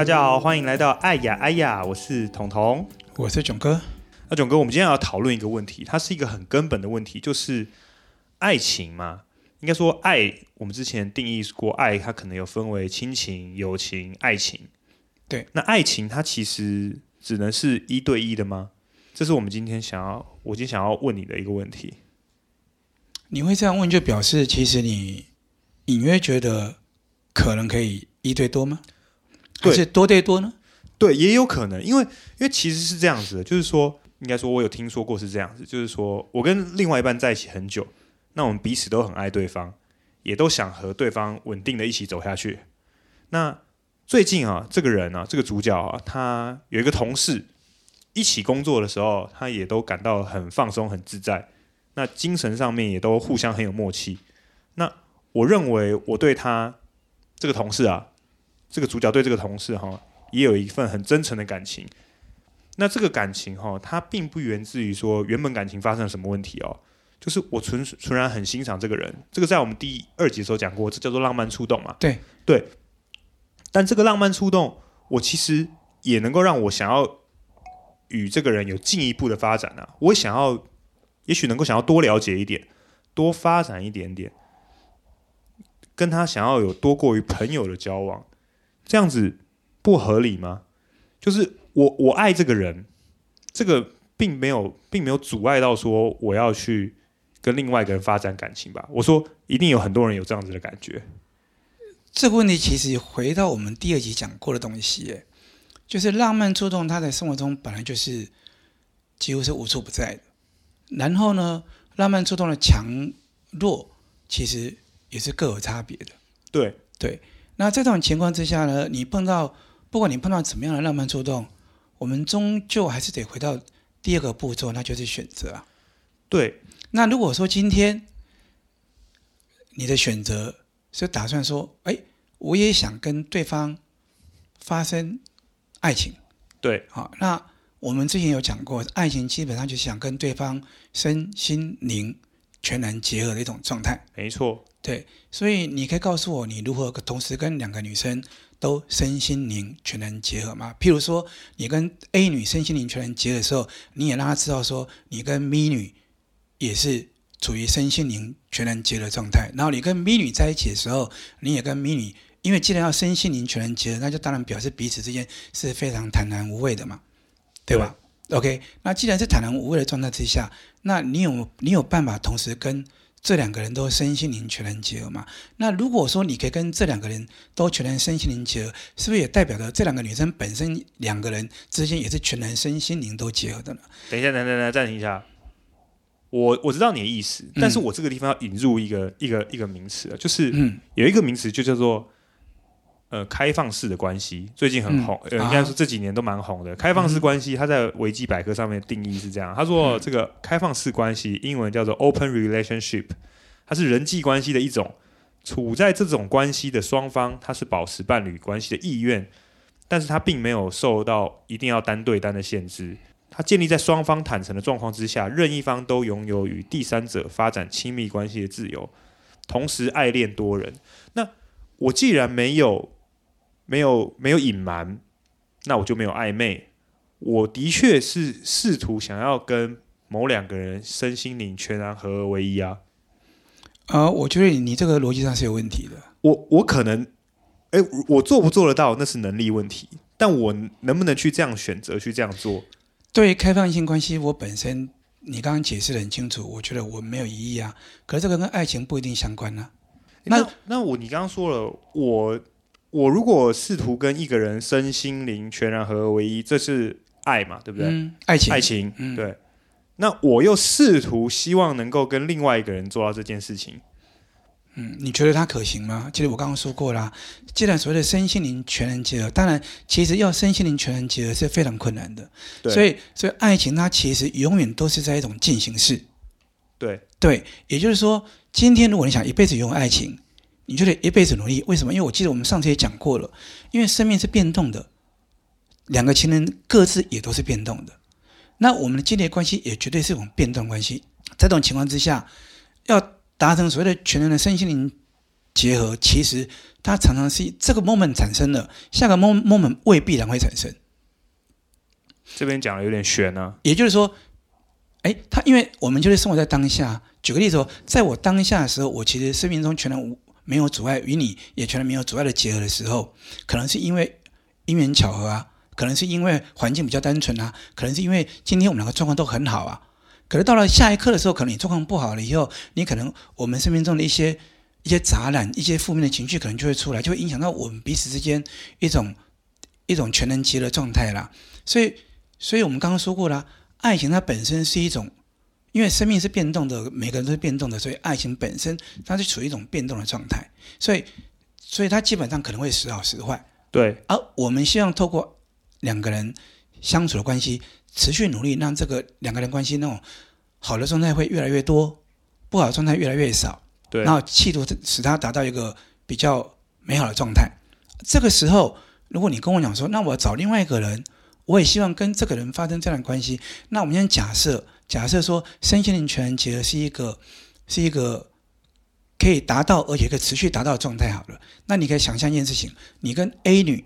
大家好，歡迎來到愛呀哎呀！我是彤彤，我是囧哥。啊，那囧哥，我們今天要討論一個問題，它是一個很根本的問題，就是愛情嘛。應該說愛，我們之前定義過愛，它可能有分為親情、友情、愛情。對，那愛情它其實只能是一對一的嗎？這是我們今天想要，我今天想要問你的一個問題。你會這樣問，就表示其實你隱約覺得可能可以一對多嗎？對而且多對多呢，對，也有可能，因為因為其實是這樣子的，就是說，應該說，我有聽說過是這樣子，就是說我跟另外一半在一起很久，那我們彼此都很愛對方，也都想和對方穩定的一起走下去。那最近啊，這個人啊，這個主角啊，他有一個同事一起工作的時候，他也都感到很放鬆、很自在，那精神上面也都互相很有默契。那我認為，我對他這個同事啊。這個主角對這個同事哈，也有一份很真誠的感情。那這個感情哈，它並不源自於說原本感情發生了什麼問題哦，就是我純純然很欣賞這個人。這個在我們第二集的時候講過，這叫做浪漫觸動嘛。對對。但這個浪漫觸動，我其實也能夠讓我想要與這個人有進一步的發展啊。我想要，也許能夠想要多了解一點，多發展一點點，跟他想要有多過於朋友的交往。這樣子不合理嗎？就是我我愛這個人，這個並沒有並沒有阻礙到說我要去跟另外一個人發展感情吧。我說一定有很多人有這樣子的感覺。這個問題其實回到我們第二集講過的東西，耶，就是浪漫觸動，他在生活中本來就是幾乎是無處不在的。然後呢，浪漫觸動的強弱其實也是各有差別的。對對。對那這種情況之下呢，你碰到，不管你碰到怎麼樣的浪漫觸動，我們終究還是得回到第二個步驟，那就是選擇啊。對，那如果說今天你的選擇是打算說，哎，我也想跟對方發生愛情。對，好，哦，那我們之前有講過，愛情基本上就是想跟對方身心靈。全能結合的一種狀態，沒錯。對，所以你可以告訴我，你如何同時跟兩個女生都身心靈全能結合嗎？譬如說，你跟 A 女身心靈全能結合的時候，你也讓她知道說，你跟 B 女也是處於身心靈全能結合的狀態。然後你跟 B 女在一起的時候，你也跟 B 女，因為既然要身心靈全能結合，那就當然表示彼此之間是非常坦然無畏的嘛，對，對吧？OK，那既然是坦然無畏的狀態之下，那你有你有辦法同時跟這兩個人都身心靈全然結合嗎？那如果說你可以跟這兩個人都全然身心靈結合，是不是也代表着這兩個女生本身兩個人之間也是全然身心靈都結合的呢？等一下，等，等，等，暫停一下，我我知道你的意思，但是我這個地方要引入一個一個一個名詞，就是有一個名詞就叫做。呃，開放式的關係最近很紅，嗯、呃，應該說這幾年都蠻紅的。啊、開放式關係，它在維基百科上面定義是這樣：他說，這個開放式關係，英文叫做 open relationship，它是人際關係的一種。處在這種關係的雙方，它是保持伴侶關係的意願，但是它並沒有受到一定要單對單的限制。它建立在雙方坦誠的狀況之下，任一方都擁有與第三者發展親密關係的自由，同時愛戀多人。那我既然沒有。沒有沒有隱瞞，那我就沒有曖昧。我的確是試圖想要跟某兩個人身心靈全然合二為一啊！啊、呃，我覺得你這個邏輯上是有問題的。我我可能，哎，我做不做得到那是能力問題，但我能不能去這樣選擇去這樣做？對於開放性關係，我本身你剛剛解釋得很清楚，我覺得我沒有疑義啊。可是這個跟愛情不一定相關啊。那那，那我你剛剛說了我。我如果試圖跟一個人身心靈全然合二為一，這是愛嘛，對不對？愛情、嗯，愛情，愛情嗯、對。那我又試圖希望能夠跟另外一個人做到這件事情。嗯，你覺得他可行嗎？其實我剛剛說過了、啊，既然所謂的身心靈全然結合，當然其實要身心靈全然結合是非常困難的。對。所以，所以愛情它其實永遠都是在一種進行式。對。對，也就是說，今天如果你想一輩子擁有愛情。你就得一輩子努力為什麼？因為我記得我們上次也講過了，因為生命是變動的，兩個情人各自也都是變動的，那我們的建立關係也絕對是一種變動關係。在這種情況之下，要達成所謂的全人的身心靈結合，其實它常常是這個 moment 產生了，下個 moment 未必然會產生。這邊講的有點玄呢、啊，也就是說，哎、欸，他因為我們就是生活在當下。舉個例子說，說在我當下的時候，我其實生命中全人無。沒有阻礙，與你也全然沒有阻礙的結合的時候，可能是因為因緣巧合啊，可能是因為環境比較單純啊，可能是因為今天我們兩個狀況都很好啊，可是到了下一刻的時候，可能你狀況不好了以後，你可能我們生命中的一些一些雜染、一些負面的情緒，可能就會出來，就會影響到我們彼此之間一種一種全能結合的狀態啦。所以，所以我們剛剛說過啦，愛情它本身是一種。因為生命是變動的，每個人都是變動的，所以愛情本身它是處於一種變動的狀態，所以，所以它基本上可能會時好時壞。對。而我們希望透過兩個人相處的關係，持續努力，讓這個兩個人關係那種好的狀態會越來越多，不好的狀態越來越少。對。然後企圖使它達到一個比較美好的狀態。這個時候，如果你跟我講說：“那我找另外一個人，我也希望跟這個人發生這樣的關係。”那我們先假設。假設說身心靈全能結合是一個，是一個可以達到而且可以持續達到的狀態。好了，那你可以想象一件事情：你跟 A 女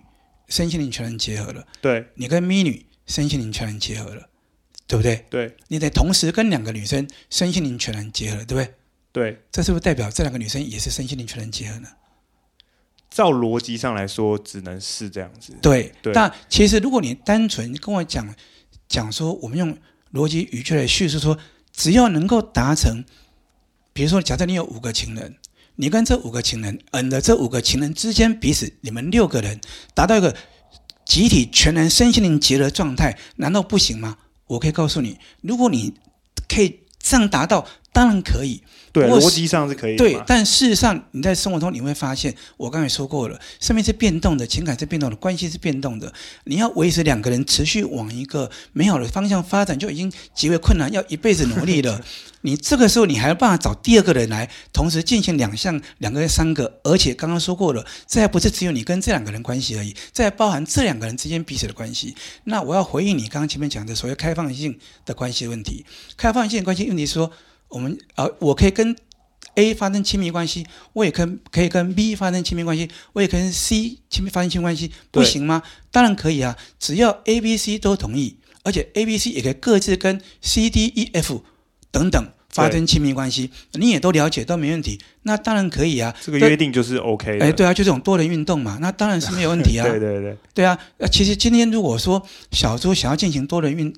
身心靈全能結合了，對；你跟 M 女身心靈全能結合了，對不對？對。你得同時跟兩個女生身心靈全能結合了，對不對？對。這是不是代表這兩個女生也是身心靈全能結合呢？照邏輯上來說，只能是這樣子。對。那對其實如果你單純跟我講講說，我們用。邏輯語句來敘述說，只要能夠達成，比如說，假設你有五個情人，你跟這五個情人，嗯的這五個情人之間彼此，你們六個人達到一個集體全然身心靈結合狀態，難道不行嗎？我可以告訴你，如果你可以這樣達到，當然可以。對，邏輯上是可以的，對，但事實上你在生活中你會發現，我剛才說過了，生命是變動的，情感是變動的，關係是變動的。你要維持兩個人持續往一個美好的方向發展，就已經極為困難，要一輩子努力了。 你這個時候你還要辦法找第二個人來，同時進行兩項、兩個人、三個，而且剛剛說過了，這還不是只有你跟這兩個人關係而已，這還包含這兩個人之間彼此的關係。那我要回應你剛剛前面講的所謂開放性的關係問題，開放性的關係的問題是說，我們啊，我可以跟 A 發生親密關係，我也跟可以跟 B 發生親密關係，我也可以跟 C 親密發生親密關係，對不行嗎？當然可以啊，只要 A、B、C 都同意，而且 A、B、C 也可以各自跟 C、D、E、F 等等發生親密關係，對你也都了解，都沒問題，那當然可以啊。這個約定就是 OK 的。哎，對啊，就這種多人運動嘛，那當然是沒有問題啊。 對對對，對啊。那其實今天如果說小豬想要進行多人運，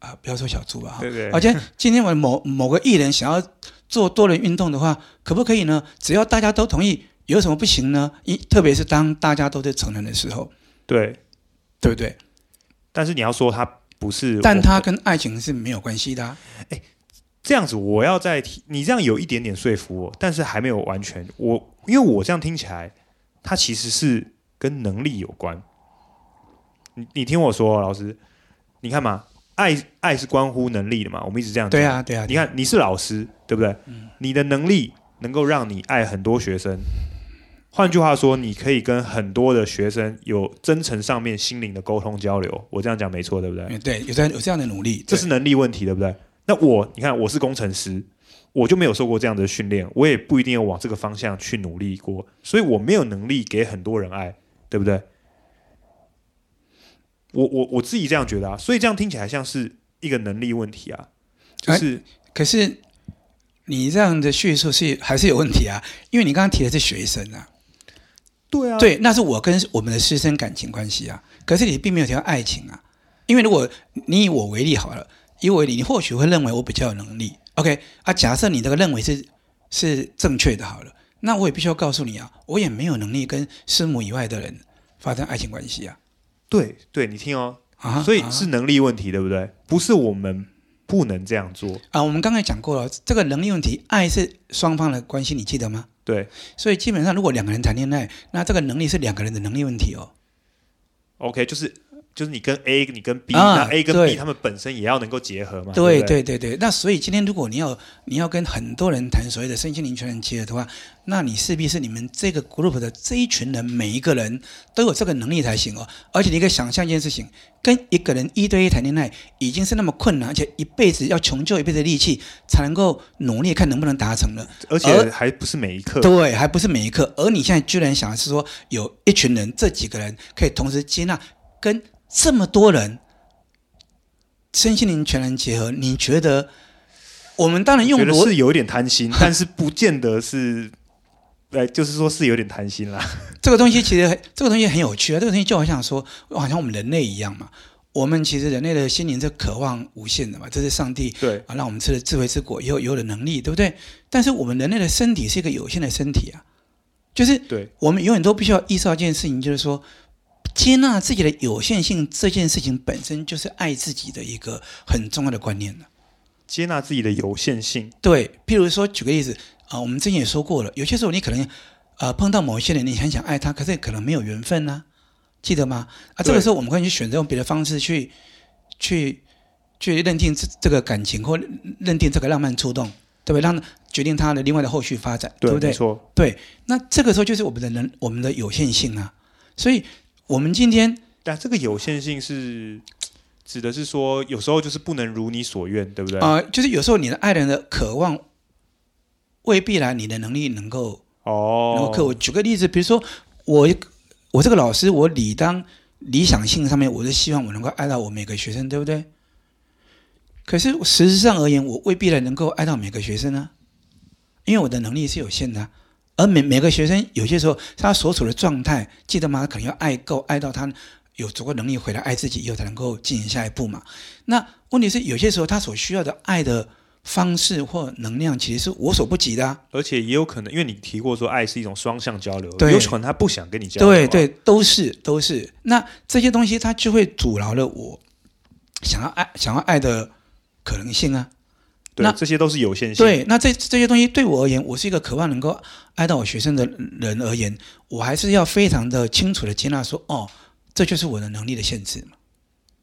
啊，不要說小豬吧。對不對，對。而且今天我某某個藝人想要做多人運動的話，可不可以呢？只要大家都同意，有什麼不行呢？一特別是當大家都在成人的時候。對，對不對？但是你要說他不是，但他跟愛情是沒有關係的。啊。哎、欸，這樣子，我要再提你這樣有一點點說服我，但是還沒有完全。我因為我這樣聽起來，他其實是跟能力有關。你你聽我說。哦，老師，你看嘛。愛愛是關乎能力的嘛？我們一直這樣講。對啊，對啊。對啊，你看，你是老師，對不對？嗯。你的能力能夠讓你愛很多學生，換句話說，你可以跟很多的學生有真誠上面心靈的溝通交流。我這樣講沒錯，對不對？對，有這樣有這樣的努力，這是能力問題，對不對？那我，你看，我是工程師，我就沒有受過這樣的訓練，我也不一定要往這個方向去努力過，所以我沒有能力給很多人愛，對不對？我我我自己這樣覺得啊，所以這樣聽起來像是一個能力問題啊，就是可是你這樣的敘述是還是有問題啊，因為你剛剛提的是學生啊，對啊，對，那是我跟我們的師生感情關係啊，可是你並沒有提到愛情啊，因為如果你以我為例好了，以我為例，你或許會認為我比較有能力，OK 啊，假設你這個認為是是正確的好了，那我也必須要告訴你啊，我也沒有能力跟師母以外的人發生愛情關係啊。對對，你聽哦，啊、所以是能力問題，啊、對不對？不是我們不能這樣做啊。我們剛才講過了，這個能力問題，愛是雙方的關係，你記得嗎？對，所以基本上如果兩個人談戀愛，那這個能力是兩個人的能力問題哦。OK，就是。就是你跟 A，你跟 B，、啊、那 A 跟 B 他們本身也要能夠結合嘛？對對對,對對對，那所以今天如果你要你要跟很多人談所謂的身心靈全人結合的話，那你勢必是你們這個 group 的這一群人每一個人都有這個能力才行哦。而且你可以想象一件事情，跟一個人一對一談戀愛已經是那麼困難，而且一輩子要窮盡一輩子力氣才能夠努力看能不能達成的，而且還不是每一刻。對，還不是每一刻。而你現在居然想的是說有一群人，這幾個人可以同時接納跟。這麼多人，身心靈全能結合，你覺得我們當然用我覺得是有點貪心，但是不見得是， 對就是說是有點貪心啦。這個東西其實，這個東西很有趣啊。這個東西就好像說，好像我們人類一樣嘛。我們其實人類的心靈是渴望無限的嘛，這是上帝對啊，讓我們吃了智慧之果，以後有有了能力，對不對？但是我們人類的身體是一個有限的身體啊，就是我們永遠都必須要意識到一件事情，就是說。接納自己的有限性這件事情本身就是愛自己的一個很重要的觀念。接納自己的有限性，對，譬如說，舉個例子啊，我們之前也說過了，有些時候你可能啊、呃、碰到某一些人，你很想，想愛他，可是可能沒有緣分呢、啊，記得嗎？啊，對這個時候，我們可以去選擇用別的方式去去去認定這這個感情，或認定這個浪漫觸動，對不對？讓決定它的另外的後續發展，對，對不對？沒錯，對，那這個時候就是我們的人我們的有限性啊，所以。我們今天，但這個有限性是指的是說，有時候就是不能如你所願，對不對？啊、呃，就是有時候你的愛人的渴望未必來，你的能力能夠哦。夠可我舉個例子，比如說我我這個老師，我理當理想性上面，我是希望我能夠愛到我每個學生，對不對？可是事實上而言，我未必來能夠愛到每個學生呢、啊，因為我的能力是有限的、啊。而每每個學生有些時候，他所處的狀態，記得嗎？他可能要愛夠，愛到他有足夠能力回來愛自己，以後才能夠進行下一步嘛。那問題是，有些時候他所需要的愛的方式或能量，其實是我所不及的、啊。而且也有可能，因為你提過說，愛是一種雙向交流，對有可能他不想跟你交流、啊。對對，都是都是。那這些東西，他就會阻撓了我想要愛、想要愛的可能性啊。那這些都是有限性。對，那這這些東西對我而言，我是一個渴望能夠愛到我學生的人而言，我還是要非常的清楚的接納說，說哦，這就是我的能力的限制嘛。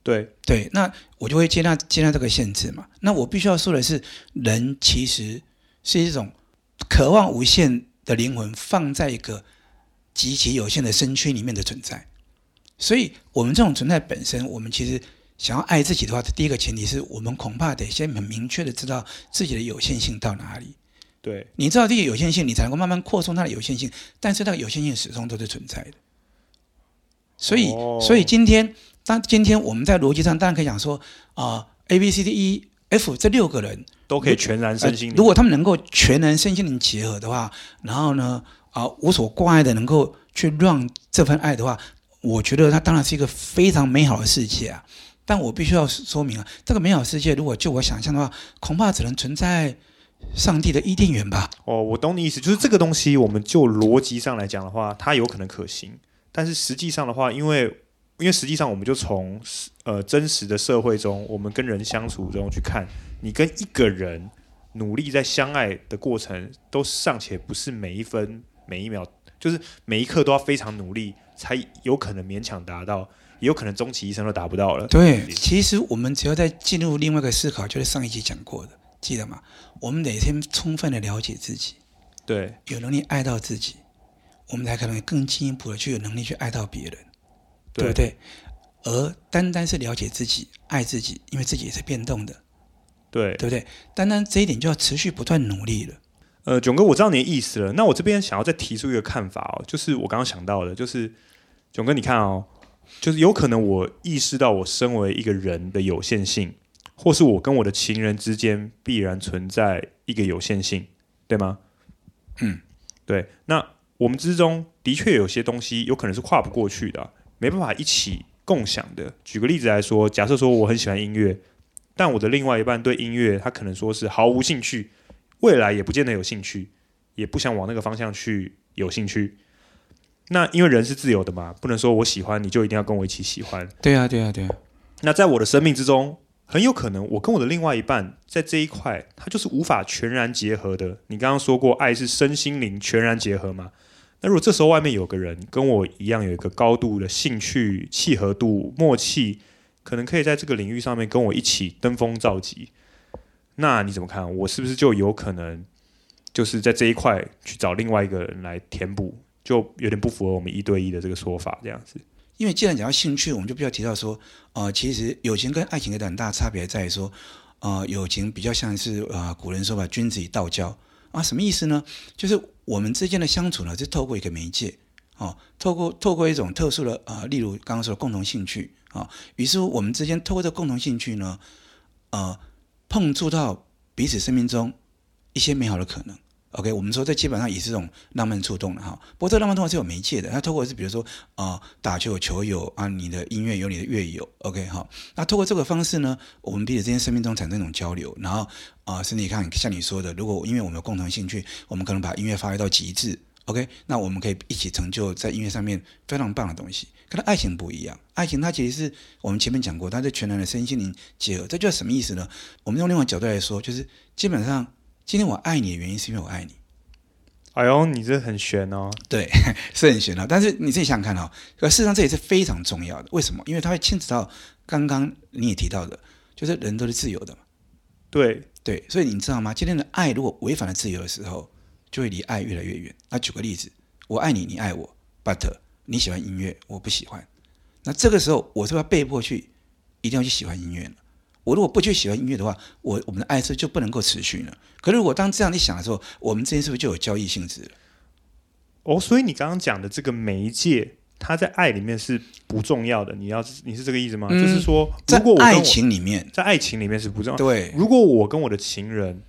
對對，那我就會接納接納這個限制嘛。那我必須要說的是，人其實是一種渴望無限的靈魂，放在一個極其有限的身軀裡面的存在。所以，我們這種存在本身，我們其實。想要愛自己的話，第一個前提是我們恐怕得先很明確的知道自己的有限性到哪裡。對，你知道自己有限性，你才能夠慢慢擴充它的有限性，但是那個有限性始終都是存在的。所以，哦、所以今天，當今天我們在邏輯上當然可以講說啊、呃、A、B、C、D、E、F 這六個人都可以全然身心，如果他們能夠全然身心靈結合的話，然後呢，啊、呃、無所掛礙的能夠去讓這份愛的話，我覺得它當然是一個非常美好的世界啊。但我必須要說明啊，這個美好世界，如果就我想象的話，恐怕只能存在上帝的伊甸園吧。哦，我懂你意思，就是這個東西，我們就邏輯上來講的話，它有可能可行。但是實際上的話，因為因為實際上，我們就從呃真實的社會中，我們跟人相處中去看，你跟一個人努力在相愛的過程，都尚且不是每一分每一秒，就是每一刻都要非常努力，才有可能勉強達到。也有可能終其一生都達不到了。對，理解。其實我們只要再進入另外一個思考，就是上一集講過的，記得嗎？我們得先充分的了解自己，對，有能力愛到自己，我們才可能更進一步的去有能力去愛到別人，對，對不對？而單單是了解自己、愛自己，因為自己也是變動的，對，對不對？單單這一點就要持續不斷努力了。呃，囧哥，我知道你的意思了。那我這邊想要再提出一個看法哦，就是我剛剛想到的，就是囧哥，你看哦。就是有可能，我意識到我身為一個人的有限性，或是我跟我的情人之間必然存在一個有限性，對嗎？嗯，對，那我們之中的確有些東西有可能是跨不過去的啊，沒辦法一起共享的。舉個例子來說，假設說我很喜歡音樂，但我的另外一半對音樂他可能說是毫無興趣，未來也不見得有興趣，也不想往那個方向去有興趣。那因為人是自由的嘛，不能說我喜歡你就一定要跟我一起喜歡。對呀，對呀，對呀。那在我的生命之中，很有可能我跟我的另外一半在這一塊，他就是無法全然結合的。你剛剛說過，愛是身心靈全然結合嘛。那如果這時候外面有個人跟我一樣有一個高度的興趣契合度默契，可能可以在這個領域上面跟我一起登峰造極，那你怎麼看？我是不是就有可能就是在這一塊去找另外一個人來填補？就有點不符合我們一對一的這個說法，這樣子。因為既然講到興趣，我們就必須要提到說，呃，其實友情跟愛情的很大差別在於說，呃，友情比較像是啊、呃，古人說吧，君子以道交啊，什麼意思呢？就是我們之間的相處呢，是透過一個媒介，啊、哦，透過透過一種特殊的啊、呃，例如剛剛說的共同興趣啊，哦、於是我們之間透過這共同興趣呢，呃，碰觸到彼此生命中一些美好的可能。OK，我們說這基本上也是這種浪漫觸動的哈。不過這浪漫觸動是有媒介的，它透過是比如說啊、呃、打球球友啊，你的音樂有你的樂友。OK，好，那透過這個方式呢，我們彼此之間生命中產生一種交流。然後啊，身、呃、體看像你說的，如果因為我們有共同興趣，我們可能把音樂發揮到極致。OK，那我們可以一起成就在音樂上面非常棒的東西。可是愛情不一樣，愛情它其實是我們前面講過，它是全然的身心靈結合。這叫什麼意思呢？我們用另外一個角度來說，就是基本上。今天我愛你的原因是因為我愛你。哎呦，你這很玄哦、啊。對，是很玄哦、啊。但是你自己想想看哦，可事實上這也是非常重要的。為什麼？因為它會牽扯到剛剛你也提到的，就是人都是自由的嘛。對對，所以你知道嗎？今天的愛如果違反了自由的時候，就會離愛越來越遠。那舉個例子，我愛你，你愛我，but 你喜歡音樂，我不喜歡。那這個時候，我是不是要被迫去一定要去喜歡音樂呢？我如果不去喜歡音樂的話，我我們的愛是不是就不能夠持續了？可是，我當這樣一想的時候，我們之間是不是就有交易性質了？哦，oh, 所以你剛剛講的這個媒介，它在愛裡面是不重要的。你要你是這個意思嗎？嗯、就是說，如果我我在愛情裡面，在愛情裡面是不重要的。對。如果我跟我的情人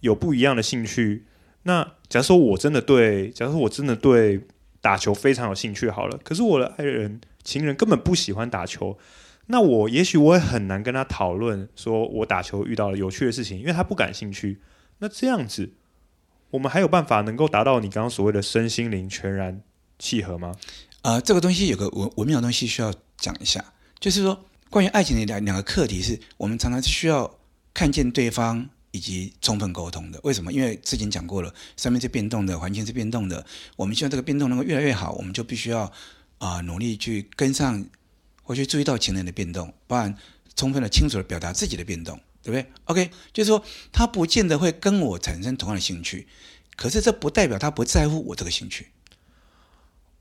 有不一樣的興趣，那假如說我真的對，假如說我真的對打球非常有興趣，好了。可是我的愛人、情人根本不喜歡打球。那我也許我也很難跟他討論，說我打球遇到了有趣的事情，因為他不感興趣。那這樣子，我們還有辦法能夠達到你剛剛所謂的身心靈全然契合嗎？啊、呃，這個東西有個文微妙的東西需要講一下，就是說，關於愛情的兩兩個課題是，是我們常常是需要看見對方以及充分溝通的。為什麼？因為之前講過了，生命是變動的，環境是變動的，我們希望這個變動能夠越來越好，我們就必須要啊、呃、努力去跟上。我去注意到情人的變動，包含充分的、清楚的表達自己的變動，對不對？OK，就是說他不見得會跟我產生同樣的興趣，可是這不代表他不在乎我這個興趣。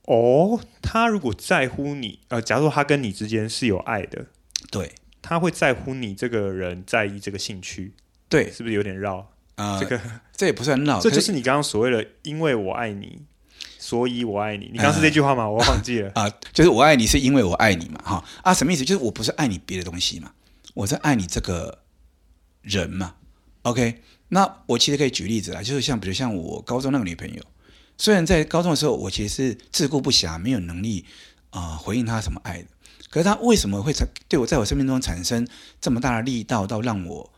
哦，他如果在乎你，呃，假如說他跟你之間是有愛的，對，他會在乎你這個人在意這個興趣，對，是不是有點繞？啊、呃，這個這也不算 是很繞，這就是你剛剛所謂的“因為我愛你”。所以我愛你，你剛是這句話嗎？嗯、我忘記了啊，啊，就是我愛你，是因為我愛你嘛，哈啊，什麼意思？就是我不是愛你別的東西嘛，我是愛你這個人嘛。OK，那我其實可以舉例子啦，就是像比如像我高中那個女朋友，雖然在高中的時候我其實是自顧不暇，沒有能力啊、呃、回應她什麼愛的，可是她為什麼會產對我在我生命中產生這麼大的力道，到讓我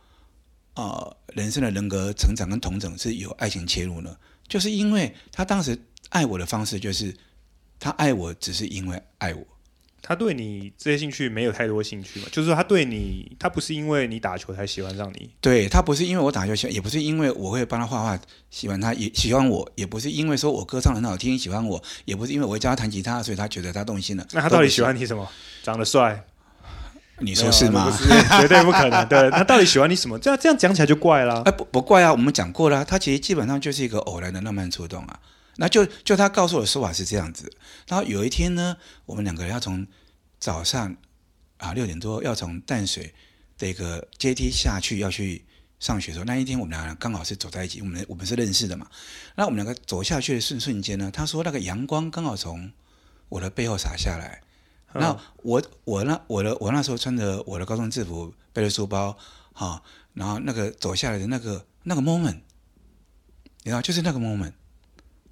啊、呃、人生的人格成長跟重整是有愛情切入呢？就是因為她當時。愛我的方式就是，他愛我只是因為愛我。他對你這些興趣沒有太多興趣嘛？就是說，他對你，他不是因為你打球才喜歡上你。對，他不是因為我打球喜歡，也不是因為我會幫他畫畫喜歡他，也喜歡我，也不是因為說我歌唱很好聽喜歡我，也不是因為我會教他彈吉他，所以他覺得他動心了。那他到底喜歡你什麼？長得帥？ 你說是嗎？不是，絕對不可能。 對，他到底喜歡你什麼？這樣這樣講起來就怪了。哎、欸，不不怪啊，我們講過了、啊，他其實基本上就是一個偶然的浪漫觸動啊。那就就他告訴我的說法是這樣子。然後有一天呢，我們兩個人要從早上啊六點多要從淡水這個階梯下去要去上學的時候，那一天我們倆剛好是走在一起，我們我們是認識的嘛。那我們兩個走下去的瞬瞬間呢，他說那個陽光剛好從我的背後灑下來。那、嗯、我我那我的我那時候穿着我的高中制服背着書包，哈、哦，然後那個走下來的那個那個 moment，你知道就是那個 moment。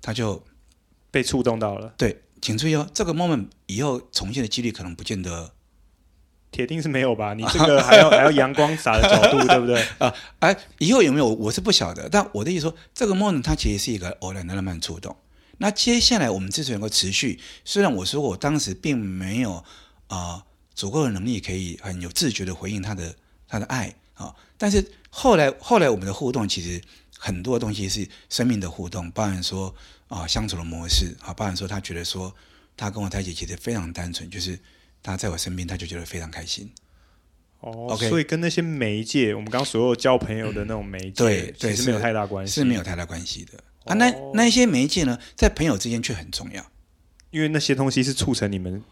他就被觸動到了。對，請注意哦，這個 moment 以後重現的幾率可能不見得，鐵定是沒有吧？你這個還要 還要陽光灑的角度， 對不對？啊，哎，以後有沒有？我是不曉得。但我的意思說，這個 moment 它其實是一個偶然的浪漫，漫觸動。那接下來我們之所以能夠持續。雖然我說我當時並沒有啊、呃、足夠的能力可以很有自覺的回應他的他的愛啊、哦，但是後來後來我們的互動其實。很多東西是生命的互動，包含說啊、呃、相處的模式，啊包含說他覺得說他跟我在一起其實非常單純，就是他在我身邊，他就覺得非常開心。哦 Okay 所以跟那些媒介，我們剛剛所有交朋友的那種媒介，嗯、對對是，是沒有太大關係，是沒有太大關係的。啊，那那一些媒介呢，在朋友之間卻很重要，因為那些東西是促成你們。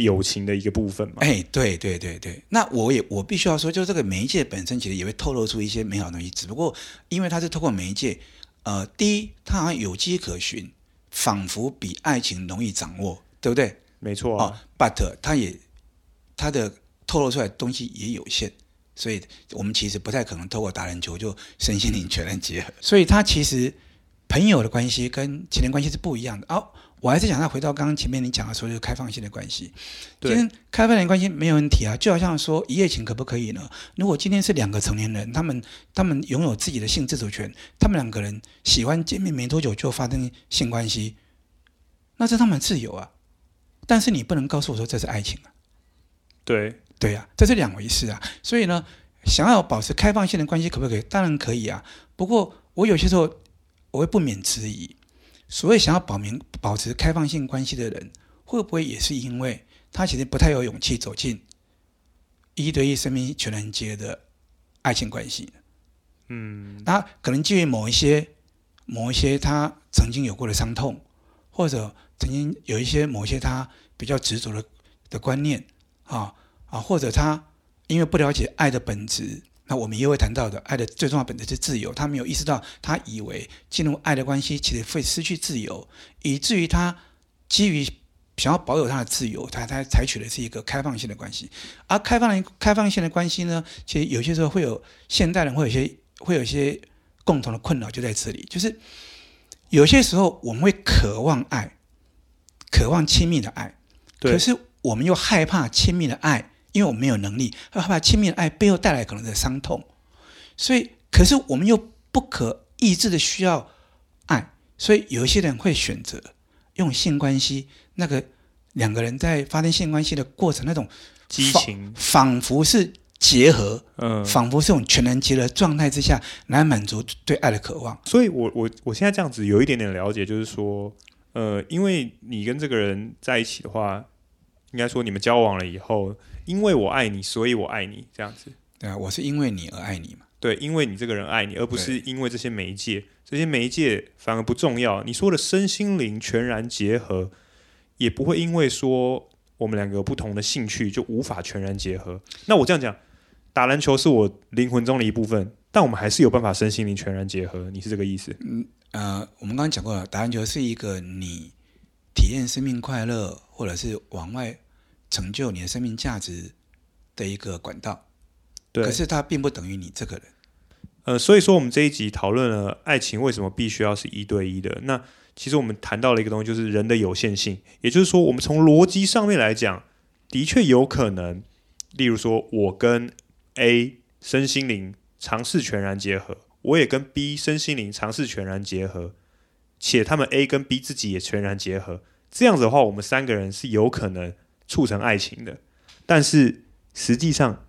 友情的一個部分嘛，哎、欸，對對對對，那我也我必須要說，就這個媒介本身其實也會透露出一些美好的東西，只不過因為它是透過媒介，呃，第一它好像有跡可循，仿佛比愛情容易掌握，對不對？沒錯啊、哦，but 它也它的透露出來的東西也有限，所以我們其實不太可能透過打籃球就身心靈全然結合，所以它其實朋友的關係跟情人關係是不一樣的哦。我還是想再回到剛剛前面你講的時候，就是開放性的關係。今天開放性的關係沒有問題啊。就好像說一夜情可不可以呢？如果今天是兩個成年人，他們他們擁有自己的性自主權，他們兩個人喜歡見面沒多久就發生性關係，那是他們自由啊。但是你不能告訴我說這是愛情啊。對，對呀，這是兩回事啊。所以呢，想要保持開放性的關係可不可以？當然可以啊。不過我有些時候我會不免質疑。所以，想要保明保持開放性關係的人，會不會也是因為他其實不太有勇氣走進一對一、生命全能接的愛情關係，嗯啊？嗯，那可能基於某一些、某一些他曾經有過的傷痛，或者曾經有一些某一些他比較執着的的觀念，啊啊，或者他因為不了解愛的本質。那我們也會談到的，愛的最重要本質是自由。他沒有意識到，他以為進入愛的關係，其實會失去自由，以至於他基於想要保有他的自由，他他採取的是一個開放性的關係。而、啊、開放性開放性的關係呢，其實有些時候會有現代人會有些會有一些共同的困擾，就在這裡，就是有些時候我們會渴望愛，渴望親密的愛，對 可是我們又害怕親密的愛。因為我們沒有能力，害怕親密的愛背後帶來可能的傷痛，所以，可是我們又不可抑制的需要愛，所以有一些人會選擇用性關係，那個兩個人在發生性關係的過程那種激情，仿佛是結合，嗯，仿佛是種全然結合的狀態之下來滿足對愛的渴望。所以我，我我我現在這樣子有一點點了解，就是說，嗯、呃，因為你跟這個人在一起的話。應該說，你們交往了以後，因為我愛你，所以我愛你這樣子。對啊，我是因為你而愛你嘛。對，因為你這個人愛你，而不是因為這些媒介，對這些媒介反而不重要。你說的身心靈全然結合，也不會因為說我們兩個不同的興趣就無法全然結合。那我這樣講，打籃球是我靈魂中的一部分，但我們還是有辦法身心靈全然結合。你是這個意思？嗯，呃，我們剛剛講過了，打籃球是一個你。體驗生命快樂，或者是往外成就你的生命價值的一個管道，對。可是它並不等於你這個人，呃，所以說我們這一集討論了愛情為什麼必須要是一對一的。那其實我們談到了一個東西，就是人的有限性。也就是說，我們從邏輯上面來講，的確有可能，例如說，我跟 A 身心靈嘗試全然結合，我也跟 B 身心靈嘗試全然結合。且他們 A 跟 B 自己也全然結合，這樣子的話，我們三個人是有可能促成愛情的。但是實際上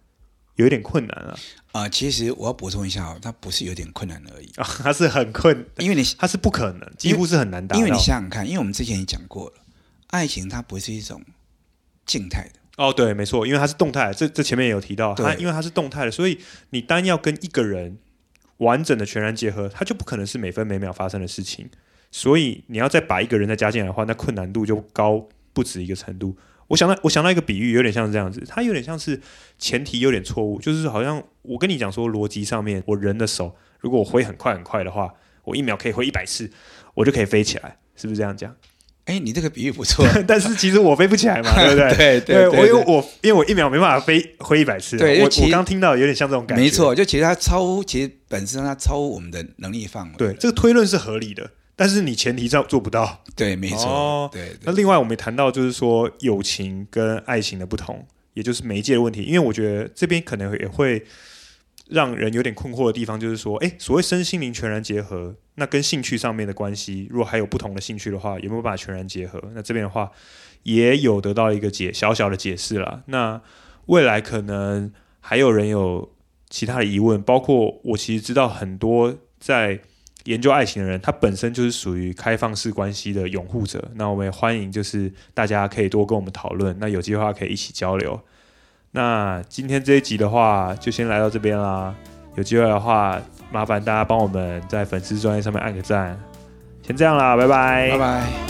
有一點困難啊，啊、呃，其實我要補充一下哦，它不是有點困難而已，啊、它是很困難，因為你它是不可能，幾乎是很難打。因為你想想看，因為我們之前也講過了，愛情它不是一種靜態的。哦，對，沒錯，因為它是動態，這這前面也有提到，對它因為它是動態的，所以你單要跟一個人完整的全然結合，它就不可能是每分每秒發生的事情。所以你要再把一個人再加進來的話，那困難度就高不止一個程度。我想到我想到一個比喻，有點像是這樣子，它有點像是前提有點錯誤，就是好像我跟你講說，邏輯上面，我人的手如果我揮很快很快的話，我一秒可以揮一百次，我就可以飛起來，是不是這樣講？哎、欸，你這個比喻不錯， 但是其實我飛不起來嘛， 對不對？ 對我，我因為我因為我一秒沒辦法飛揮一百次，對我我剛聽到有點像這種感覺，沒錯，就其實它超其實本身它超乎我們的能力範圍，對，這個推論是合理的。但是你前提上做,做不到，對，沒錯。那另外我們談到就是說友情跟愛情的不同，也就是媒介的問題。因為我覺得這邊可能也會讓人有點困惑的地方，就是說，誒、欸，所謂身心靈全然結合，那跟興趣上面的關係，如果還有不同的興趣的話，有沒有把它全然結合？那這邊的話也有得到一個解，小小的解釋啦。那未來可能還有人有其他的疑問，包括我其實知道很多在。研究愛情的人，他本身就是屬於開放式關係的擁護者。那我們也歡迎，就是大家可以多跟我們討論。那有機會的話，可以一起交流。那今天這一集的話，就先來到這邊啦。有機會的話，麻煩大家幫我們在粉絲專頁上面按個讚。先這樣啦，拜拜，拜拜。